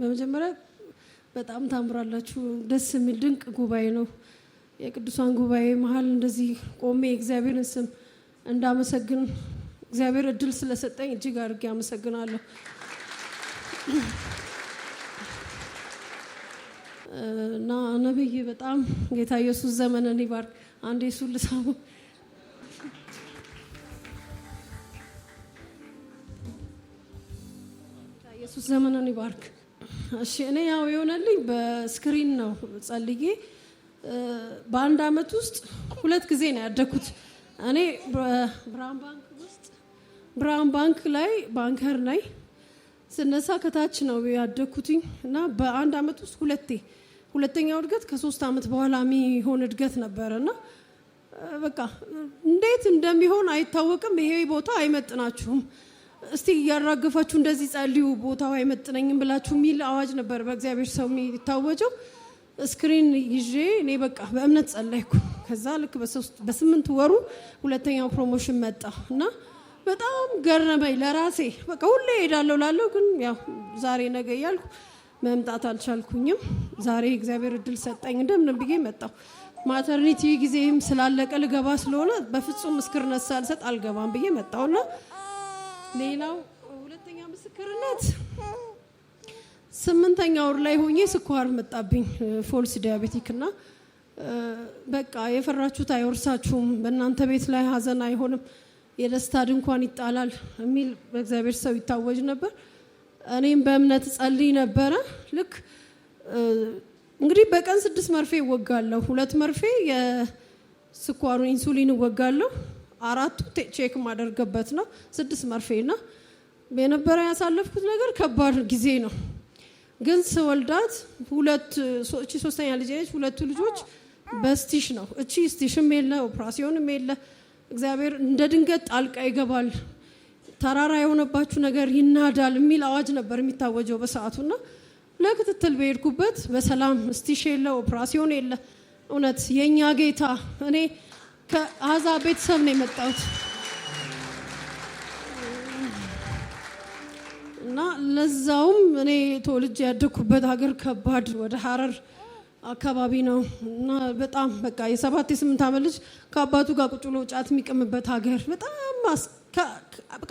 በመጀመሪያ በጣም ታምራላችሁ። ደስ የሚል ድንቅ ጉባኤ ነው። የቅዱሳን ጉባኤ መሀል እንደዚህ ቆሜ የእግዚአብሔርን ስም እንዳመሰግን እግዚአብሔር እድል ስለሰጠኝ እጅግ አድርጌ አመሰግናለሁ። እና ነብይ በጣም ጌታ ኢየሱስ ዘመንን ይባርክ። አንዴ እሱን ልሳሙ ኢየሱስ ዘመንን ይባርክ። እሺ እኔ ያው የሆነልኝ በስክሪን ነው ጸልዬ በአንድ አመት ውስጥ ሁለት ጊዜ ነው ያደግኩት። እኔ ብርሃን ባንክ ውስጥ ብርሃን ባንክ ላይ ባንከር ላይ ስነሳ ከታች ነው ያደግኩትኝ እና በአንድ አመት ውስጥ ሁለቴ ሁለተኛው እድገት ከሶስት አመት በኋላ የሚሆን እድገት ነበረ እና በቃ እንዴት እንደሚሆን አይታወቅም። ይሄ ቦታ አይመጥናችሁም እስቲ እያራገፋችሁ እንደዚህ ጸልዩ፣ ቦታው አይመጥነኝም ብላችሁ የሚል አዋጅ ነበር በእግዚአብሔር ሰው የሚታወጀው። ስክሪን ይዤ እኔ በቃ በእምነት ጸለይኩ። ከዛ ልክ በስምንት ወሩ ሁለተኛው ፕሮሞሽን መጣ እና በጣም ገረመኝ ለራሴ በቃ ሁሌ ሄዳለሁ ላለው ግን ያው ዛሬ ነገ እያልኩ መምጣት አልቻልኩኝም። ዛሬ እግዚአብሔር እድል ሰጠኝ፣ እንደምን ብዬ መጣሁ። ማተርኒቲ ጊዜም ስላለቀ ልገባ ስለሆነ በፍጹም ምስክርነት ሳልሰጥ አልገባም ብዬ መጣሁና ሌላው ሁለተኛ ምስክርነት ስምንተኛ ወር ላይ ሆኜ ስኳር መጣብኝ፣ ፎልስ ዲያቤቲክ እና በቃ የፈራችሁት አይወርሳችሁም፣ በእናንተ ቤት ላይ ሀዘን አይሆንም፣ የደስታ ድንኳን ይጣላል የሚል በእግዚአብሔር ሰው ይታወጅ ነበር። እኔም በእምነት ጸልይ ነበረ። ልክ እንግዲህ በቀን ስድስት መርፌ እወጋለሁ፣ ሁለት መርፌ የስኳሩ ኢንሱሊን እወጋለሁ አራቱ ቼክ ማደርገበት ነው። ስድስት መርፌና የነበረ ያሳለፍኩት ነገር ከባድ ጊዜ ነው። ግን ስወልዳት ሁለት እቺ ሶስተኛ ልጅ ነች። ሁለቱ ልጆች በስቲሽ ነው። እቺ ስቲሽም የለ ኦፕራሲዮንም የለ። እግዚአብሔር እንደ ድንገት ጣልቃ ይገባል። ተራራ የሆነባችሁ ነገር ይናዳል የሚል አዋጅ ነበር የሚታወጀው ና ለክትትል በሄድኩበት በሰላም ስቲሽ የለ ኦፕራሲዮን የለ እውነት የእኛ ጌታ እኔ ከአዛ ቤተሰብ ነው የመጣሁት እና ለዛውም እኔ ተወልጅ ያደግኩበት ሀገር ከባድ ወደ ሀረር አካባቢ ነው እና በጣም በቃ የሰባት የስምንት ዓመት ልጅ ከአባቱ ጋር ቁጭ ብሎ ጫት የሚቅምበት ሀገር በጣም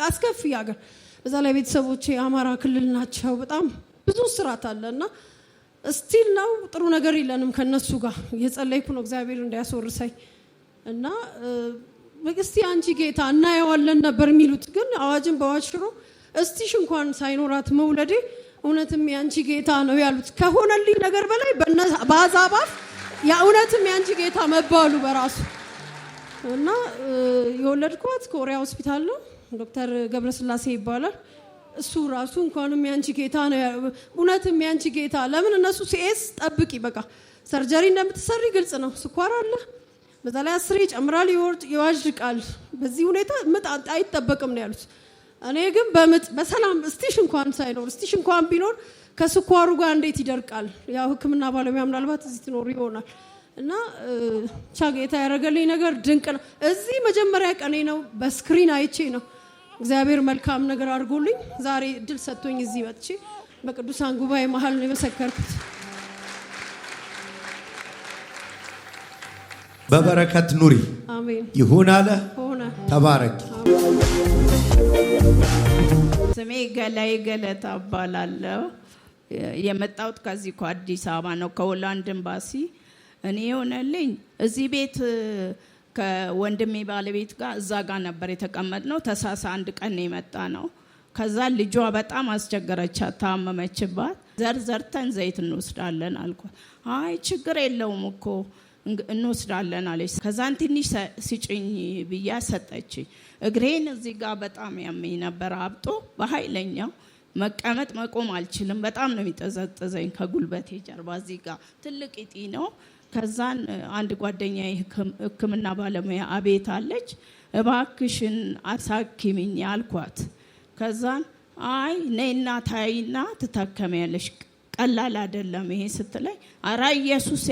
አስከፊ ሀገር። በዛ ላይ ቤተሰቦቼ የአማራ ክልል ናቸው። በጣም ብዙ ስራት አለ እና እስቲል ነው ጥሩ ነገር የለንም ከነሱ ጋር። እየጸለይኩ ነው እግዚአብሔር እንዳያስወርሰኝ እና እስቲ አንቺ ጌታ እናየዋለን ነበር የሚሉት ግን አዋጅን በዋሽሮ እስቲሽ እንኳን ሳይኖራት መውለዴ እውነትም የአንቺ ጌታ ነው ያሉት ከሆነልኝ ነገር በላይ በአዛባፍ የእውነትም የአንቺ ጌታ መባሉ በራሱ እና የወለድኳት ኮሪያ ሆስፒታል ነው። ዶክተር ገብረስላሴ ይባላል። እሱ ራሱ እንኳንም ያንቺ ጌታ ነው እውነትም ያንቺ ጌታ ለምን እነሱ ሲኤስ ጠብቂ በቃ ሰርጀሪ እንደምትሰሪ ግልጽ ነው። ስኳር አለ በዛ ይጨምራል አስሬ ይጨምራል፣ ይዋዥቃል። በዚህ ሁኔታ ምጥ አይጠበቅም ነው ያሉት። እኔ ግን በምጥ በሰላም እስቲሽ እንኳን ሳይኖር እስቲሽ እንኳን ቢኖር ከስኳሩ ጋር እንዴት ይደርቃል? ያው ሕክምና ባለሙያ ምናልባት እዚህ ትኖሩ ይሆናል እና ቻ ጌታ ያደረገልኝ ነገር ድንቅ ነው። እዚህ መጀመሪያ ቀኔ ነው፣ በስክሪን አይቼ ነው እግዚአብሔር መልካም ነገር አድርጎልኝ ዛሬ እድል ሰጥቶኝ እዚህ መጥቼ በቅዱሳን ጉባኤ መሀል ነው የመሰከርኩት። በበረከት ኑሪ። ይሁን አለ። ተባረክ። ስሜ ገላይ ገለታ እባላለሁ። የመጣሁት ከዚህ ከአዲስ አበባ ነው፣ ከሆላንድ ኤምባሲ። እኔ የሆነልኝ እዚህ ቤት ከወንድሜ ባለቤት ጋር እዛ ጋር ነበር የተቀመጥነው። ተሳሳ አንድ ቀን የመጣ ነው። ከዛ ልጇ በጣም አስቸገረቻ ታመመችባት። ዘር ዘርተን ዘይት እንወስዳለን አልኳት። አይ ችግር የለውም እኮ እንወስዳለን አለች። ከዛን ትንሽ ሲጭኝ ብያ ሰጠችኝ። እግሬን እዚህ ጋር በጣም ያመኝ ነበር አብጦ በኃይለኛው መቀመጥ መቆም አልችልም። በጣም ነው የሚጠዘጠዘኝ ከጉልበቴ ጀርባ እዚህ ጋር ትልቅ ጢ ነው። ከዛን አንድ ጓደኛ ሕክምና ባለሙያ አቤት አለች፣ እባክሽን አሳክሚኝ አልኳት። ከዛን አይ ነይና ታይና ትታከሚያለሽ ቀላል አይደለም ይሄ ስትለኝ፣ አራ ኢየሱስ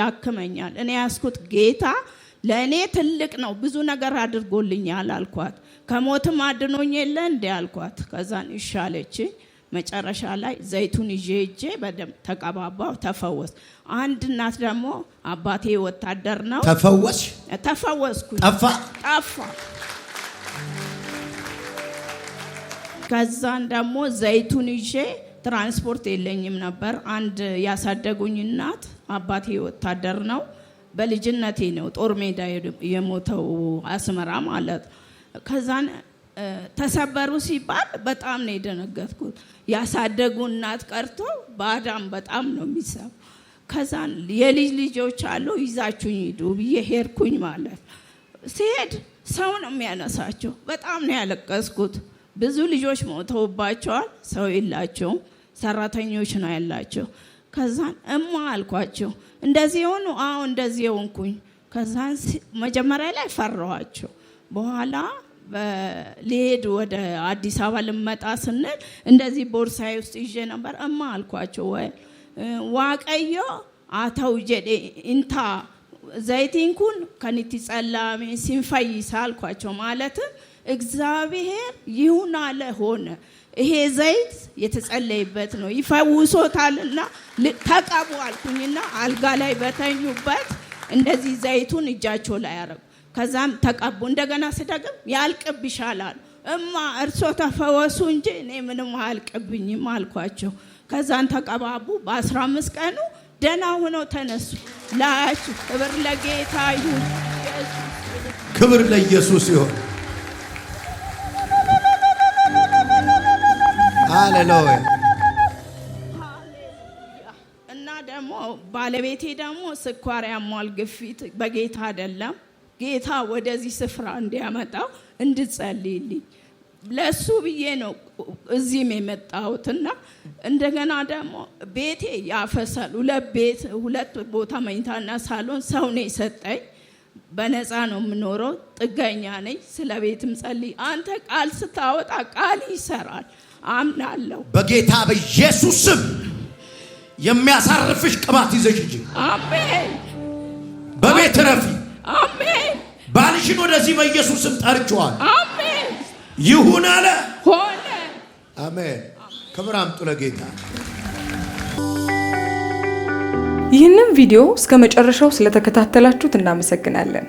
ያክመኛል። እኔ ያስኩት ጌታ ለእኔ ትልቅ ነው፣ ብዙ ነገር አድርጎልኛል አልኳት። ከሞትም አድኖኝ የለ እንዴ አልኳት። ከዛን ይሻለች መጨረሻ ላይ ዘይቱን ይዤ እጄ በደንብ ተቀባባው፣ ተፈወስ። አንድ እናት ደግሞ አባቴ ወታደር ነው፣ ተፈወስ ተፈወስኩ። ጠፋ ጠፋ። ከዛን ደግሞ ዘይቱን ይዤ ትራንስፖርት የለኝም ነበር። አንድ ያሳደጉኝ እናት አባቴ ወታደር ነው። በልጅነቴ ነው ጦር ሜዳ የሞተው አስመራ ማለት ከዛን ተሰበሩ ሲባል በጣም ነው የደነገጥኩት። ያሳደጉ እናት ቀርቶ በአዳም በጣም ነው የሚሰብ ከዛን የልጅ ልጆች አሉ ይዛችሁኝ ሂዱ ብዬ ሄድኩኝ ማለት ሲሄድ ሰው ነው የሚያነሳቸው። በጣም ነው ያለቀስኩት። ብዙ ልጆች ሞተውባቸዋል። ሰው የላቸውም። ሰራተኞች ነው ያላቸው። ከዛን እማ አልኳቸው እንደዚህ የሆኑ አዎ እንደዚህ የሆንኩኝ። ከዛን መጀመሪያ ላይ ፈራኋቸው። በኋላ ሊሄድ ወደ አዲስ አበባ ልመጣ ስንል እንደዚህ ቦርሳዬ ውስጥ ይዤ ነበር። እማ አልኳቸው ወይ ዋቀዮ አተው ጀዴ እንታ ዘይቲንኩን ከኒቲ ጸላሜ ሲንፈይሳ አልኳቸው ማለትም እግዚአብሔር ይሁን አለ ሆነ ይሄ ዘይት የተጸለይበት ነው ይፈውሶታልና ተቀቡ አልኩኝና አልጋ ላይ በተኙበት እንደዚህ ዘይቱን እጃቸው ላይ ያረጉ። ከዛም ተቀቡ። እንደገና ስደግም ያልቅብሻል አሉ። እማ እርሶ ተፈወሱ እንጂ እኔ ምንም አያልቅብኝም አልኳቸው። ከዛን ተቀባቡ። በ15 ቀኑ ደህና ሆነው ተነሱ። ላያችሁ ክብር ለጌታ ይሁን። ክብር ለኢየሱስ ይሁን። ሃሌሉያ። እና ደግሞ ባለቤቴ ደግሞ ስኳር ያሟል፣ ግፊት በጌታ አይደለም። ጌታ ወደዚህ ስፍራ እንዲያመጣው እንድጸልይልኝ ለእሱ ብዬ ነው እዚህም የመጣሁትና እንደገና ደግሞ ቤቴ ያፈሳል። ሁለት ቤት ሁለት ቦታ መኝታና ሳሎን ሰው ነው የሰጠኝ። በነፃ ነው የምኖረው፣ ጥገኛ ነኝ። ስለ ቤትም ጸልይ። አንተ ቃል ስታወጣ ቃል ይሰራል። አምናለሁ። በጌታ በኢየሱስ ስም የሚያሳርፍሽ ቅባት ይዘሽ እንጂ አሜን። በቤት ረፊ አሜን። ባልሽን ወደዚህ በኢየሱስ ስም ጠርቼዋለሁ። አሜን። ይሁን አለ ሆነ። አሜን። ክብር አምጡ ለጌታ። ይህንን ቪዲዮ እስከ መጨረሻው ስለተከታተላችሁት እናመሰግናለን።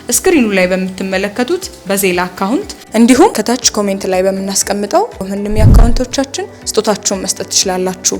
ስክሪኑ ላይ በምትመለከቱት በዜላ አካውንት እንዲሁም ከታች ኮሜንት ላይ በምናስቀምጠው ምንም የአካውንቶቻችን ስጦታችሁን መስጠት ትችላላችሁ።